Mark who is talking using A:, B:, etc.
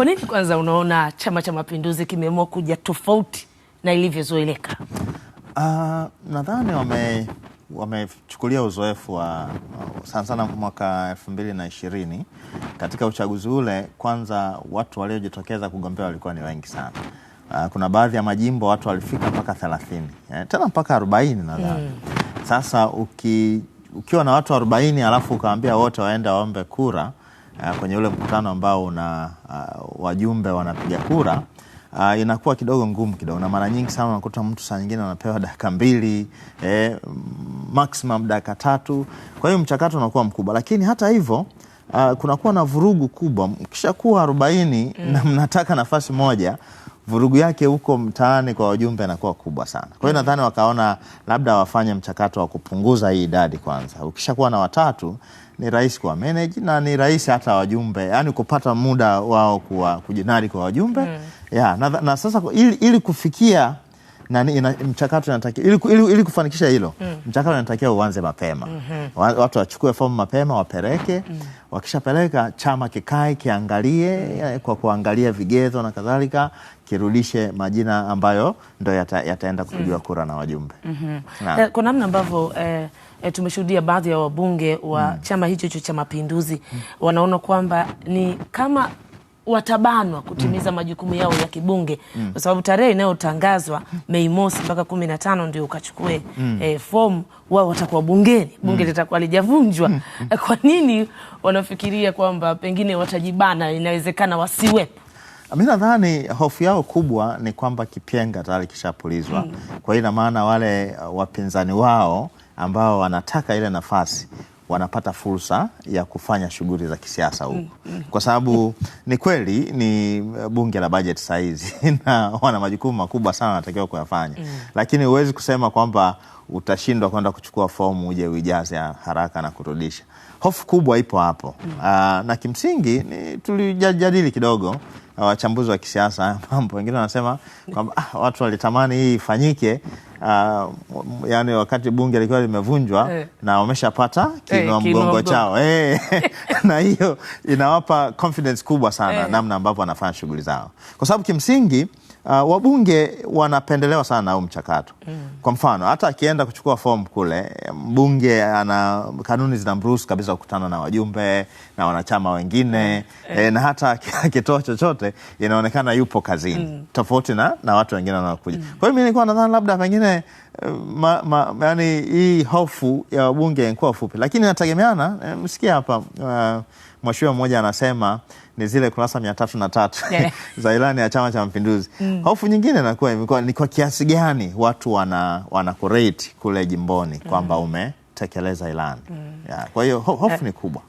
A: Kwa nini kwanza unaona Chama cha Mapinduzi kimeamua kuja tofauti na ilivyozoeleka?
B: Uh, nadhani wame wamechukulia uzoefu wa sana sana mwaka elfu mbili na ishirini katika uchaguzi ule. Kwanza watu waliojitokeza kugombea walikuwa ni wengi sana. Uh, kuna baadhi ya majimbo watu walifika mpaka thelathini eh, tena mpaka arobaini nadhani mm. Sasa uki, ukiwa na watu arobaini alafu ukawambia wote waende waombe kura uh, kwenye ule mkutano ambao una uh, wajumbe wanapiga kura Uh, inakuwa kidogo ngumu kidogo, na mara nyingi sana unakuta mtu saa nyingine anapewa dakika mbili eh, maximum dakika tatu. Kwa hiyo mchakato unakuwa mkubwa, lakini hata hivyo uh, kunakuwa na vurugu kubwa. Mkishakuwa arobaini mm. na mnataka nafasi moja vurugu yake huko mtaani kwa wajumbe anakuwa kubwa sana. Kwa hiyo mm. nadhani wakaona labda wafanye mchakato wa kupunguza hii idadi kwanza. Ukishakuwa na watatu ni rahisi kuwa manage na ni rahisi hata wajumbe, yani kupata muda wao kuwa kujinadi kwa wajumbe mm. ya, na, na sasa ili, ili kufikia nani ina, mchakato inatakiwa ili, ili, ili kufanikisha hilo mm. mchakato inatakiwa uanze mapema mm -hmm. watu wachukue fomu mapema wapeleke mm. Mm-hmm. wakishapeleka chama kikae kiangalie mm. eh, kwa kuangalia vigezo na kadhalika kirudishe majina ambayo ndo yata, yataenda kupigiwa mm. kura na wajumbe
A: mm -hmm. na. Eh, kwa namna ambavyo eh, E, tumeshuhudia baadhi ya wabunge wa mm. chama hicho hicho cha Mapinduzi mm. wanaona kwamba ni kama watabanwa kutimiza mm. majukumu yao ya kibunge mm. kwa sababu tarehe inayotangazwa Mei Mosi mpaka kumi na tano ndio ukachukue mm. eh, fomu, wao watakuwa bungeni, bunge mm. litakuwa lijavunjwa mm. kwa nini wanafikiria kwamba pengine watajibana? Inawezekana wasiwepo.
B: Mi nadhani hofu yao kubwa ni kwamba kipyenga tayari kishapulizwa mm. kwa hiyo ina maana wale uh, wapinzani wao ambao wanataka ile nafasi wanapata fursa ya kufanya shughuli za kisiasa huku, mm, mm. kwa sababu ni kweli ni eh, bunge la bajeti saa na wana majukumu makubwa sana wanatakiwa kuyafanya, mm. lakini huwezi kusema kwamba utashindwa kwenda kuchukua fomu uje uijaze haraka na kurudisha. Hofu kubwa ipo hapo. Ah, na kimsingi tulijadili kidogo ah, wachambuzi wa kisiasa mambo, wengine wanasema kwamba ah, watu walitamani hii ifanyike uh, yani wakati bunge likiwa limevunjwa eh, na wameshapata kinwa eh, mgongo chao eh, na hiyo inawapa confidence kubwa sana eh, namna ambavyo wanafanya shughuli zao kwa sababu kimsingi uh, wabunge wanapendelewa sana au mchakato mm. Kwa mfano hata akienda kuchukua fomu kule, mbunge ana kanuni zinamruhusu kabisa kukutana na wajumbe na wanachama wengine mm. eh, na hata akitoa chochote inaonekana yupo kazini mm. tofauti na, na watu wengine wanaokuja mm. Kwa hiyo mi nilikuwa nadhani labda pengine ma, ma, yani hii hofu ya wabunge inakuwa fupi, lakini inategemeana. Eh, Msikia hapa uh, mheshimiwa mmoja anasema ni zile kurasa mia tatu na tatu za ilani ya Chama cha Mapinduzi mm. Hofu nyingine inakuwa imekuwa ni kwa kiasi gani watu wana, wana kule jimboni mm. kwamba umetekeleza ilani mm. yeah. Kwa hiyo hofu eh, ni kubwa.